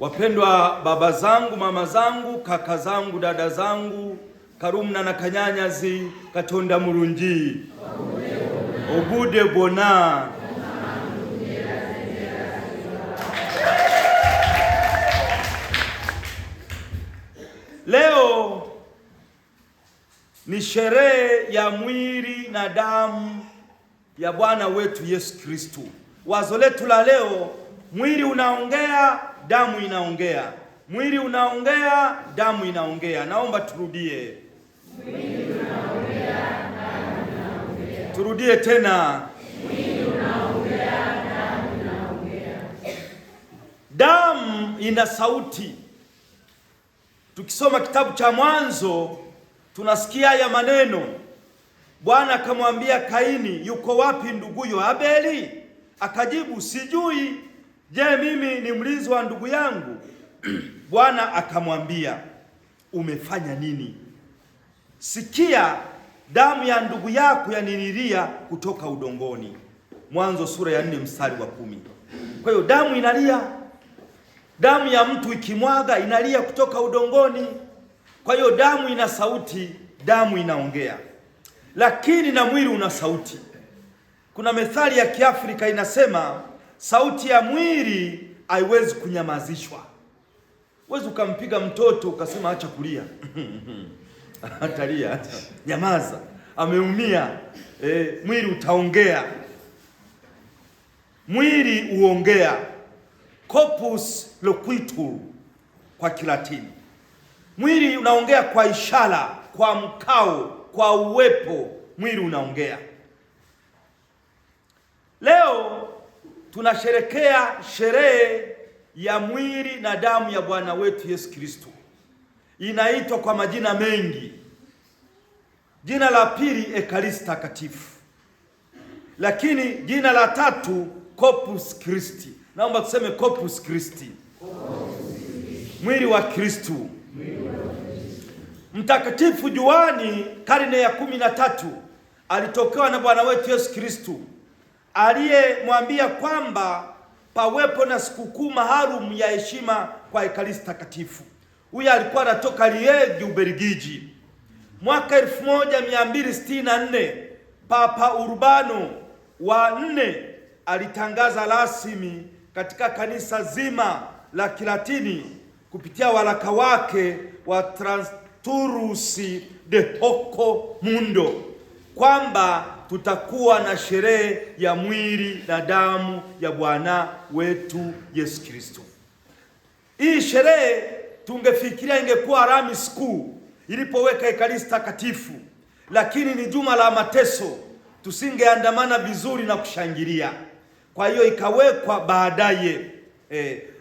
Wapendwa baba zangu, mama zangu, kaka zangu, dada zangu, karumna na kanyanyazi katonda murungi obude bona Leo ni sherehe ya mwili na damu ya Bwana wetu Yesu Kristo. Wazo letu la leo Mwili unaongea, damu inaongea. Mwili unaongea, damu inaongea. Naomba turudie. Turudie tena. damu Damu ina sauti. Tukisoma kitabu cha Mwanzo tunasikia haya maneno. Bwana akamwambia Kaini, yuko wapi nduguyo Abeli? Akajibu, sijui. Je, mimi ni mlinzi wa ndugu yangu? Bwana akamwambia, umefanya nini? Sikia, damu ya ndugu yako yanililia kutoka udongoni. Mwanzo sura ya nne mstari wa kumi. Kwa hiyo damu inalia, damu ya mtu ikimwaga inalia kutoka udongoni. Kwa hiyo damu ina sauti, damu inaongea, lakini na mwili una sauti. Kuna methali ya Kiafrika inasema sauti ya mwili haiwezi kunyamazishwa. Huwezi ukampiga mtoto ukasema acha kulia atalia, nyamaza, ameumia. E, mwili utaongea, mwili uongea, corpus loquitur kwa Kilatini. Mwili unaongea kwa ishara, kwa mkao, kwa uwepo, mwili unaongea. tunasherekea sherehe ya mwili na damu ya Bwana wetu Yesu Kristo, inaitwa kwa majina mengi. Jina la pili Ekaristi Takatifu, lakini jina la tatu Corpus Christi. Naomba tuseme Corpus Christi, mwili wa Kristu. Mtakatifu Juani karne ya kumi na tatu alitokewa na Bwana wetu Yesu Kristu aliyemwambia kwamba pawepo na sikukuu maalum ya heshima kwa Ekaristi Takatifu. Huyo alikuwa anatoka Liegi, Ubelgiji. Mwaka 1264 Papa Urbano wa nne alitangaza rasmi katika kanisa zima la Kilatini kupitia waraka wake wa Transturus de hoko Mundo kwamba tutakuwa na sherehe ya mwili na damu ya Bwana wetu Yesu Kristo. Hii sherehe tungefikiria ingekuwa Alhamisi Kuu ilipoweka Ekaristi Takatifu, lakini ni juma la mateso, tusingeandamana vizuri na kushangilia. Kwa hiyo ikawekwa baadaye eh,